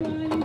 Bye.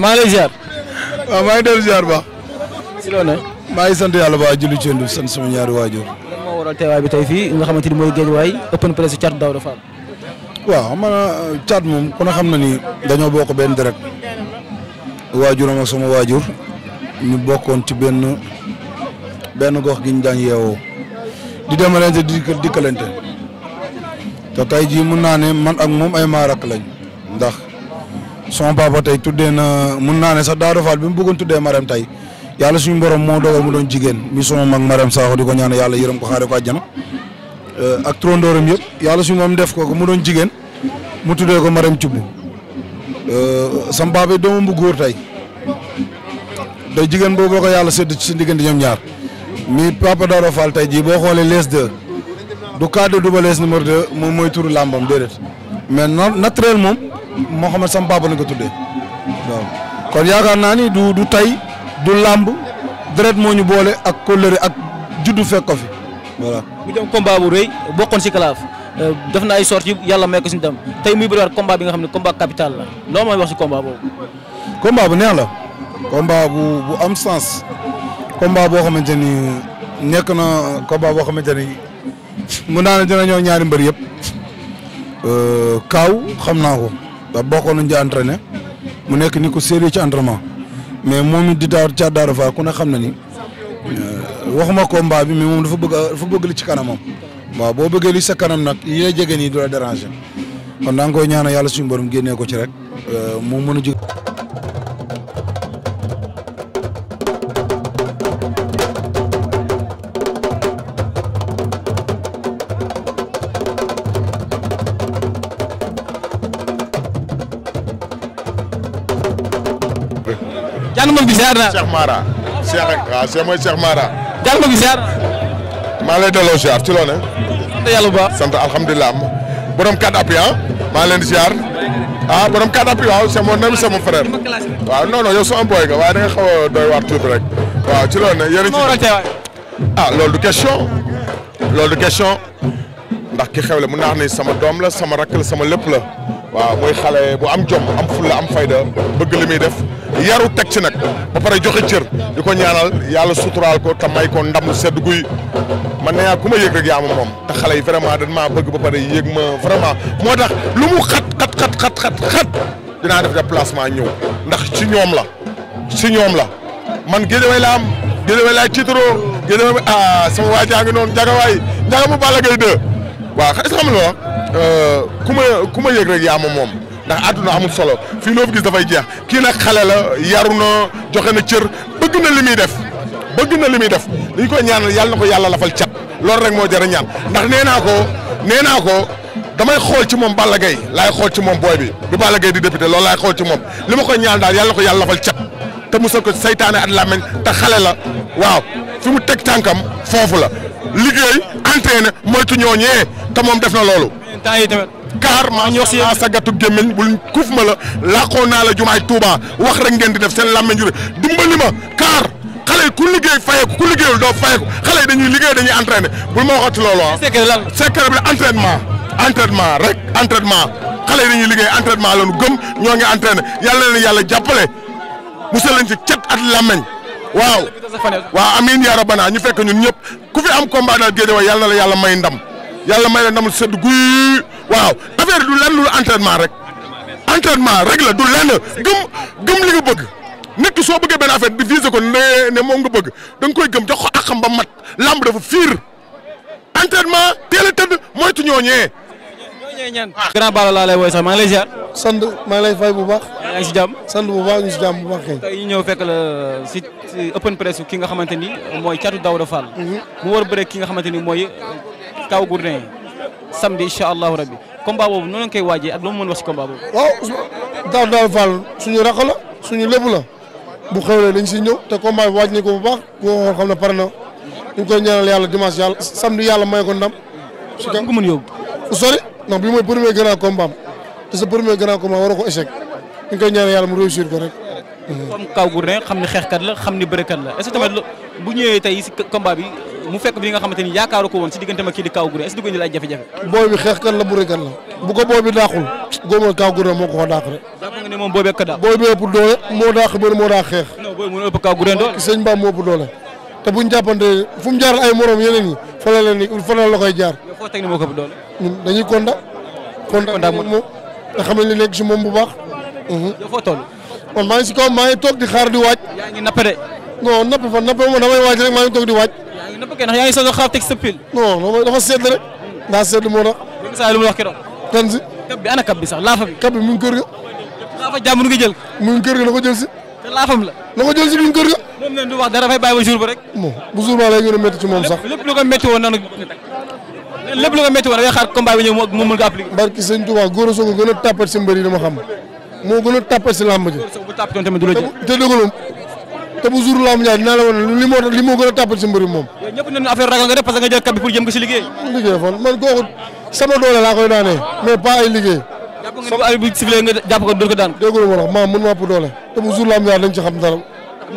Moussa maa ngi lay ziar. dellu ziar ba. si loo ne. maa ngi sant yàlla ba julli cëndu sant sama ñaari waajur. lan moo bi tey fii nga xamante ni mooy waay open presse Thiatou Daouda Fall. waaw xam nga Thiat moom ku ne xam na ni dañoo bokk benn deret waajuram ak sama waajur ñu bokkoon ci benn benn gox gi ñu daan yeewoo di demalante di dikkalante te tey jii mun naa ne man ak moom ay maarak lañ ndax. sama papa tey tuddee na mun naa ne sax Daara Fall bi mu bëggoon tuddee Marème tey yàlla suñu borom moo dogal mu doon jigéen mi sama mag Marème Sakho di ko ñaan yàlla yërëm ko xaaree ko àjjana euh, ak trondooram yëpp yàlla suñu moom def ko mu doon jigéen mu tuddee ko Marème Thioub euh, sama papa doomam bu góor tey da jigéen boo ko yàlla sédd ci diggante ñoom ñaar mi papa Daara Fall tey jii boo xoolee les deux du cadre du ba les numéro deux moom mooy turu làmbam déedéet mais moo Mouhamed sama baaba la nga tuddee waaw kon yaakaar naa ni du du tey du làmb deret moo ñu boole ak kóllëre ak juddu fekk ko fi voilà. bu jëm combat bu rëy bokkoon si kalaaf euh, def na ay sorties yàlla may ko si dem tey muy bëriwaat combat bi nga xam ne combat capital la si combat bu neex la. combat bu bu am sens. combat boo xamante ni nekk na combat boo xamante ni mu naa ne dina ñëw ñaari mbër yëpp. Euh, kaaw xam naa ko. ndax bokkoon nañ ci entraîné mu nekk ni ko sérieux ci entraînement mais moom di daar ca Daara Fall ku na xam na ni euh, waxuma combat bi mais moom dafa bëgg dafa bëgg li ci kanamam waaw boo bëggee li sa kanam nag yi jege nii du la déranger kon daa ngi koy ñaanal yàlla suñu borom génnee ko ci rek euh, mu mën a jóg jàng mag bi ziar naa Cheikh Mara. Cheikh ak waaw Cheikh mooy Cheikh Mara. jàng mag bi ziar naa. maa lay delloo ziar ci loone sant yàlla bu baax sant alhamdulilah borom kàddu appui ah. maa leen di ziar. ah borom kàddu appui waaw c'est mon ami c'est mon frère. waaw non non yow sama boy nga waaye da nga xaw a doy waar tuuti rek. waaw ci loone yéen ci ah loolu du question. loolu du question. ndax ki xewle mun naa wax ni sama doom la sama rakk la sama lépp la. waaw muy xale bu am jom am fulla am fayda bëgg li muy def. yaru teg ci nag ba pare joxe cër di ko ñaanal yàlla suturaal ko te ko ndam sedd guy man nee naa ku ma yëg rek yaa ma moom te xale yi vraiment dañ maa bëgg ba pare ma vraiment moo tax lu mu xat xat xat xat xat xat dinaa def déplacement ñëw ndax ci ñoom la ci ñoom la man Guédiawaye laa am Guédiawaye laa tiitaroo Guédiawaye ah sama waa jaa ngi noonu njagawaay njaga mu Balla Gaye 2 waaw est-ce que xam nga euh, ku ma ku ma yëg rek moom. ndax àdduna amul solo fii loo fi gis dafay jeex kii nag xale la yaru na joxe na cër bëgg na li muy def bëgg na muy def li ñu koy ñaanal yàlla na ko yàlla lafal cat loolu rek moo jar a ñaan ndax nee naa ko nee naa ko damay xool ci moom Balla Gaye laay xool ci moom booy bi bi Balla Gaye di député loolu laay xool ci moom li ma koy ñaan daal yàlla na ko yàlla lafal cat te musal ko saytaane at làmmeñ ta xale la waaw fi mu teg tànkam foofu la liggéey entraîné moytu ñooñee te moom def na loolu. kaar maa ñor si yaa sagatu gémmiñ bul kuuf ma la làqoo naa la jumaay Touba wax rek ngeen di def seen làmmiñ jure dimbali ma kaar xale yi ku liggéey fayeeku ku liggéeyul doo fayeeku xale yi dañuy liggéey dañuy entraîné bul ma waxati loolu ah. secret lan secret bi entraînement rek entraînement xale yi dañuy liggéey entraînement la ñu gëm ñoo ngi entraîné yàlla na yàlla jàppale musal lañ ci cet at làmmiñ waaw waaw amiin yaa rabbana ñu fekk ñun ñëpp ku fi am combat daal géej yàlla la yàlla may ndam waaw affaire du lenn lu rek entraînement rek la du lenn gëm gëm li nga bëgg nit soo bëggee benn affaire di viser ko ne moom nga bëgg da nga koy gëm jox ko ak xam ba mat lamb dafa fiir entraînement teel a tëdd moytu ñooñee. Ah. grand Balla laa lay woy sax maa ngi lay ziar. sant maa ngi lay fay bu baax. yaa ngi si jàmm. bu baax ñu si jàmm bu baax kay. tey ñëw fekk la euh, si open press ki nga xamante ni mooy Thiatou daw Fall. Mhm. mu war a bëre ki nga xamante ni mooy Kaw Gourdin. samedi incha allahu rabbi combat boobu noonu nga koy waajee ak lu mu mën boobu. waaw Daaw Daaw suñu rakk la suñu lépp la bu xewlee dañ siy ñëw te combat bi waaj nañ ko bu baax koo xam ne pare na ñu koy ñaanal yàlla dimanche yàlla samedi yàlla may ko ndam. su ko mën yóbbu. sa premier grand combat waroo ko échec ñu koy ñaanal yàlla mu réussir ko rek. comme Kaw Gourdin xam ni xeexkat la xam ni bërekat la est-ce bu ñëwee tey si combat mu fekk bi nga xamante ni yaakaaru ko woon si diggante ma kii di Kaw Gourdin est-ce que du ko indil ay jafe-jafe booy bi xeex kan la bëre kan la bu ko booy bi daaxul góomal Kaw Gourdin moo ko ko daax rek jàpp nga ne moom booy bi ak daal booy bi ëpp doole moo daax bëri moo daax xeex mu ëpp doole te buñ jàppante fu mu jaaral ay morom yeneen fa la leen fa jaar dañuy konda konda moom nga xam ne nekk si moom bu baax mhm. maa ngi si kaw maa ngi toog di xaar di waaj yaa ngi nappe de non nappe fa nappe moom damay waaj rek maa ngi toog di waaj na bëggee ndax yaa ngi soog a xaar teg sa pile. non non dafa sedd rek. daa sedd moo tax. dégg saa lu mu wax ki doon. kan si. kab bi ana kab bi sax laafa bi. kab bi mu ngi kër ga. laafa jàmm nu nga jël. mu ngi kër ga na ko jël si. te laafam la. na ko jël si mu ngi kër ga. moom la du wax dara dafay bàyyi ba jour ba rek. bon bu jour ba lay gën a métti ci moom sax. lépp lu ko métti woon noonu. lépp lu ko métti woon da ngay xaar combat bi ñëw moom mën ko appliqué. barki sëñ Touba góor a soog a gën a tàppat si mbër yi dama xam moo gën a tàppat si làmb ji. góor a soog bu tàppatoon tamit du la jël te dëggaloon te bu jour laa mu jaay dinaa la woon li moo a moom. man kooku sama doole laa koy daanee mais pas ay liggéey. jàpp nga sama ay bu daan. dégg nga ma wax maa mën doole te bu jour laa mu ci xam dara. am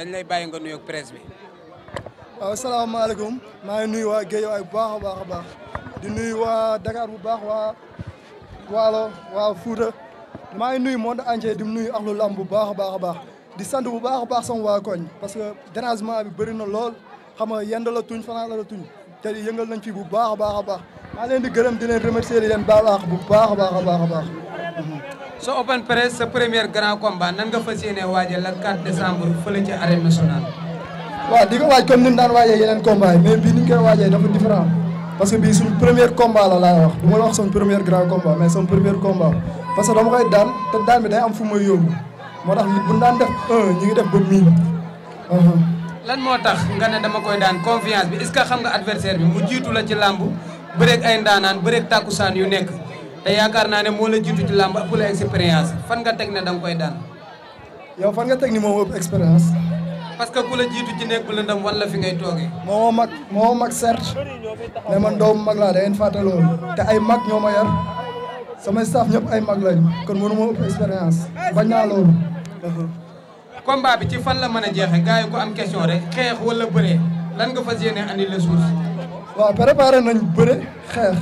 dañ lay bàyyi nga nuyoog presse bi. waaw salaamaaleykum maa ngi nuyu waa Guédiawaye bu baax a baax a baax di nuyu waa Dakar bu baax waa Waalo waa Fuuta maa ngi nuyu monde entier di nuyu axlu lamb bu baax a baax a baax di sant bu baax a baax sama waa koñ parce que dérangement bi bëri na lool xam nga yend la tuñ fanaan la tuñ te yëngal nañ fii bu baax a baax a baax maa leen di gërëm di leen remercier di leen baax bu baax a baax a baax a baax. soo open press sa premier grand combat nan nga fas yéene la 4 décembre fële ci arène nationale. di ko waaj comme ni mu daan waajee yeneen combat yi mais bii ni ñu koy waajee dafa différent parce que bii suñu premier combat la laay wax du wax sama premier grand combat mais sama premier combat parce que dama koy daan te daan bi day am fu may yóbbu moo tax bu ñu daan def un ñu ngi def ba lan moo tax nga ne dama koy daan confiance bi est-ce que xam nga adversaire bi mu jiitu la ci yu nekk. te yaakaar naa ne moo la jiitu ci làmb bu la expérience fan nga teg ne da nga koy daan. yow fan nga teg ni moom ëpp expérience. parce que ku la jiitu ci nekk bu lëndam wala fi ngay toogee. moo mag moo mag certes mais man doomu mag laa da ngeen fàtte te ay mag ñoo ma yar sama staff ñëpp ay mag lañ kon mënu ma ëpp expérience bañ naa loolu. combat bi ci fan la mën a jeexee gars yi ko am question rek xeex wala bëree lan nga fa yéene andi les sources. waaw préparé xeex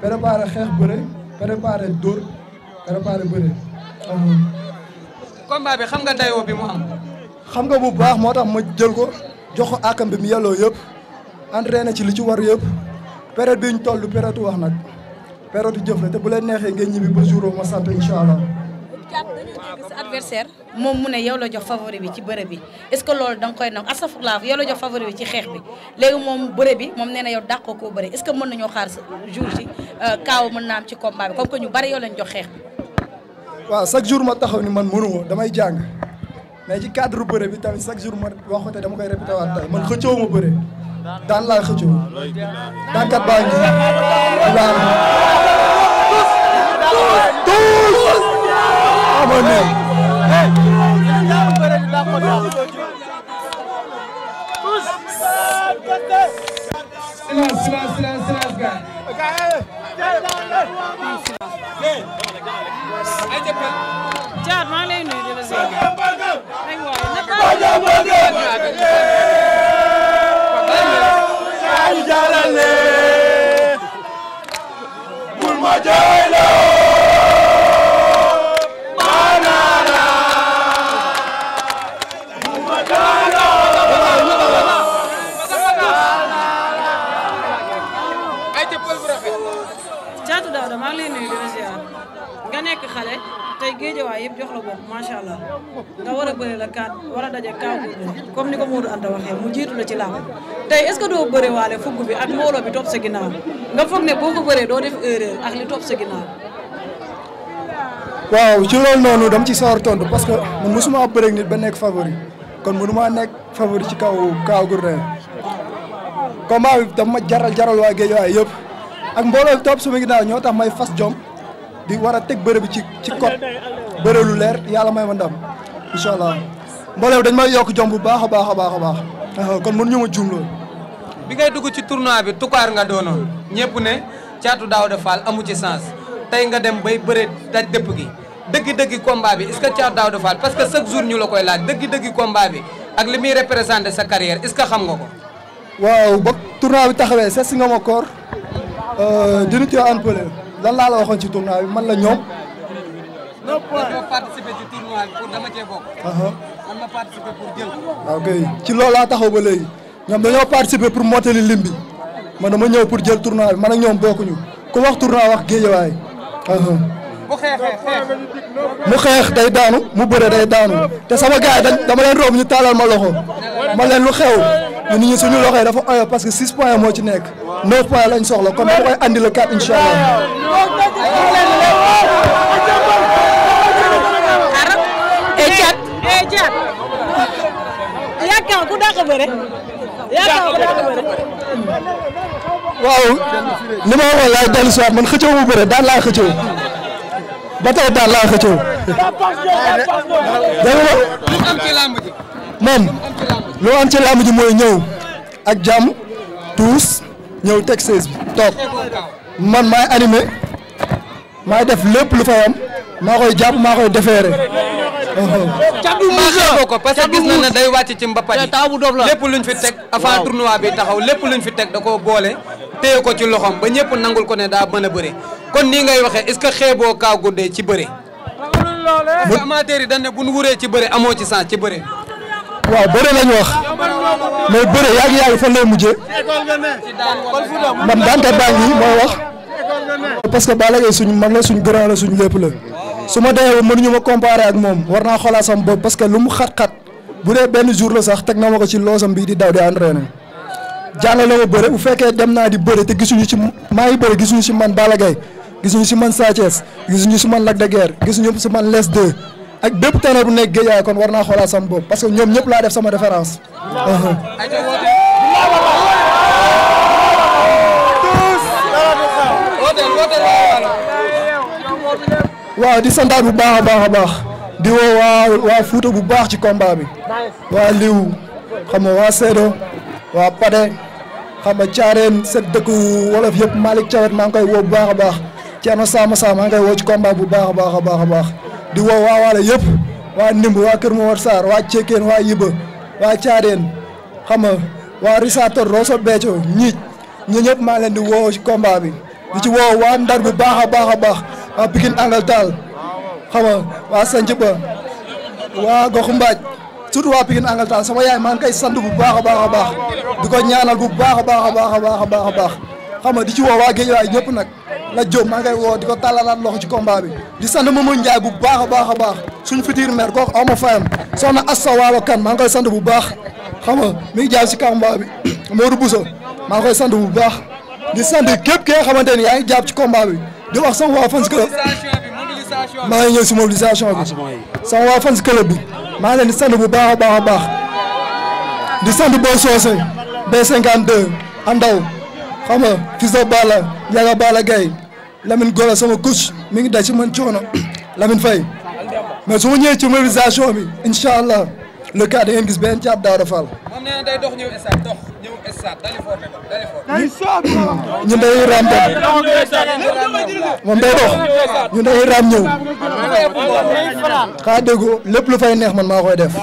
préparé préparé dóor préparé bëre. combat bi xam nga dayoo bi mu am. xam nga bu baax moo tax ma jël ko jox ko akam bi mu yelloo yëpp na ci li ci war yëpp période bi ñu toll période wax nag période jëf la te bu leen neexee ngeen ñibbi ba jour a sant incha allah. jàpp dañu dégg jox favori bi ci bëre bi est-ce que loolu da nga koy nangu astafurlaa yow la jox favori bi ci xeex bi léegi moom bëre bi moom nee na yow dàqoo koo bëre est-ce que mën nañoo xaar sa jour ji kaaw mën naa am ci combat bi comme que bari yoo lañ jox xeex bi. waaw chaque jour ma taxaw ni man mënu ma damay jàng mais ci cadre bëre bi tamit chaque jour ma wax ko te xëccoo ma bëre daan laa xëccoo daan kat baa ngi daan tous abonné silence Thiat maa ngi lay nuyu di la ziar. aywa. Fatou nga nekk xale tey géejawaay yëpp jox la bopp macha war a la kaat war a daje kaw ko Modou Anta la ci làmb tey est que doo bëri waale fugg bi ak mbooloo bi topp sa ginnaaw nga ne boo ko doo def erreur ak li topp sa waaw ci loolu noonu dama ci sawar tontu parce que man mosuma bëre nit ba nekk favori kon mënuma nekk favori ci kaw kaw gu rëy combat bi dama jaral jaral waa géejawaay yëpp. ak mbooloo bi topp sama ginnaaw ñoo tax may fas jom di war a teg bëre bi ci ci kot bëre lu leer yàlla may ma ndam incha allah mbooloo bi dañ may yokk jom bu baax a baax a baax a baax ah, kon mënuñu ma juum bi ngay dugg ci tournoi bi tukaar nga doonoon ñëpp ne caatu Daouda Fall amu ci sens tey nga dem bay bëre daj dëpp gi dëgg-dëgg combat bi est-ce que caatu Daouda Fall parce que chaque jour ñu la koy laaj dëgg-dëgg combat bi ak li muy représenté sa carrière est-ce que xam ko. waaw Euh, dina Tivaouane Peulh lan laa la waxoon ci tournoi man la ñoom. non point dama participer ci ah, lool laa taxaw ba léegi ñoom dañoo participer pour mottali lim bi man dama ñëw pour jël tournoi bi man a ñoom bokkuñu ko wax tournoi wax géejewaay. mu xeexee mu xeex day daanu mu bëre day daanu te sama gars yi dama leen roob ñu taalal ma loxo ma leen lu xew. ñu nit ñi suñu loxo yi dafa oyo parce que six points moo ci nekk neuf points lañ soxla kon dañ koy andi le quatre incha allah. yaakaar ku dàq bëre. yaakaar ku dàq bëre. waaw li ma waxoon laay dellu si waat man xëccoo bu bëre daan laa xëccoo ba tey daan laa xëccoo. moom loo am ci làmb mooy ñëw ak jàmm tuus ñëw teg sees bi toog man maay animé maay def lépp lu fa am maa koy jàpp maa koy defeere cadu muus ko parce que gis na ne day wàcc ci mbapat yi lépp luñ fi teg avant tournoi bi taxaw lépp luñ fi teg da koo boole téye ko ci loxoom ba ñëpp nangul ko ne daa mën a bëre kon nii ngay waxee est-ce que xeeboo Kaw Gourdin ci bëre bu amateur yi dan ne bu ñu wuree ci bëre amoo ci sens ci bëre waaw bëre lañu wax mais bëre yàgg yàgg fan lay mujjee man Dante baa ngi mooy wax parce que Balla Gaye suñu mag la suñu grand la suñu lépp la su ma demee mënuñu ma comparer ak moom war naa xoolaa sama bopp parce que lu mu xat-xat bu dee benn jour la sax teg na ma ko ci loosam bii di daw di entraîné jàngal la ma bëre bu fekkee dem naa di bëre te gisuñu ci maa ngi bëre gisuñu ci man Balla gisuñu ci man Sa gisuñu ci man Lac de Guiers gisuñu ci man Les 2 ak bépp terrain bu nekk Guédiawaye kon war naa xoolaat sama bopp parce que ñoom ñëpp laa def sama référence. waaw di santaat bu baax a baax a baax di woo waa waa bu baax ci combat bi waa liw xam nga waa Seedo waa Pade xam nga Caareen seen dëkk wolof yëpp Malick Thiawet maa ngi koy woo baax a baax Thierno Sama Sama maa ngi koy woo ci combat bu baax baax a baax a baax. di woo waa waalo yëpp waa ndimb waa Kër Momar Sarr waa Cekkeen waa Yiba waa Caadeen xam nga waa Risaator Rosso Béthio ñiij ñi ñëpp maa leen di woow ci combat bi di ci woo waa Ndar bu baax a baax a baax waa Pikine Angal Taal xam waa Sanc Ba waa Goxu Mbaaj surtout waa Pikine Angal sama yaay maa ngi koy sant bu baax a baax baax di ko ñaanal bu baax a baax a baax a baax a baax xam nga di ci woo waa Géejawaay ñëpp nag la Diop maa ngay woo di ko tàllalaat loxo ci combat bi di sant Mamadou Ndiaye bu baax a baax a baax suñu futur maire kooku aw ma fayam soxna Assa Waalo Kane maa ngi koy sant bu baax xam nga mi ngi jaay si combat bi Modou Bousso maa ngi koy sant bu baax di sant képp ki nga xamante ni yaa ngi jàpp ci combat bi di wax sama waa fans club maa ngi ñëw si mobilisation bi sama waa fans club bi maa ngi leen di sant bu baax a baax a baax di sant boo soosee B52 xam nga fils bala Balla Ndiaga Balla Gaye Lamine Gola sama coach mi ngi daj ci man coono Lamine Faye mais su ma ñëwee ci mobilisation bi incha allah le cas da ngeen gis benn jàpp Daouda Fall. moom nee raam dox moom day dox ñun day raam ñëw xaa déggoo lépp lu fay neex man maa koy def.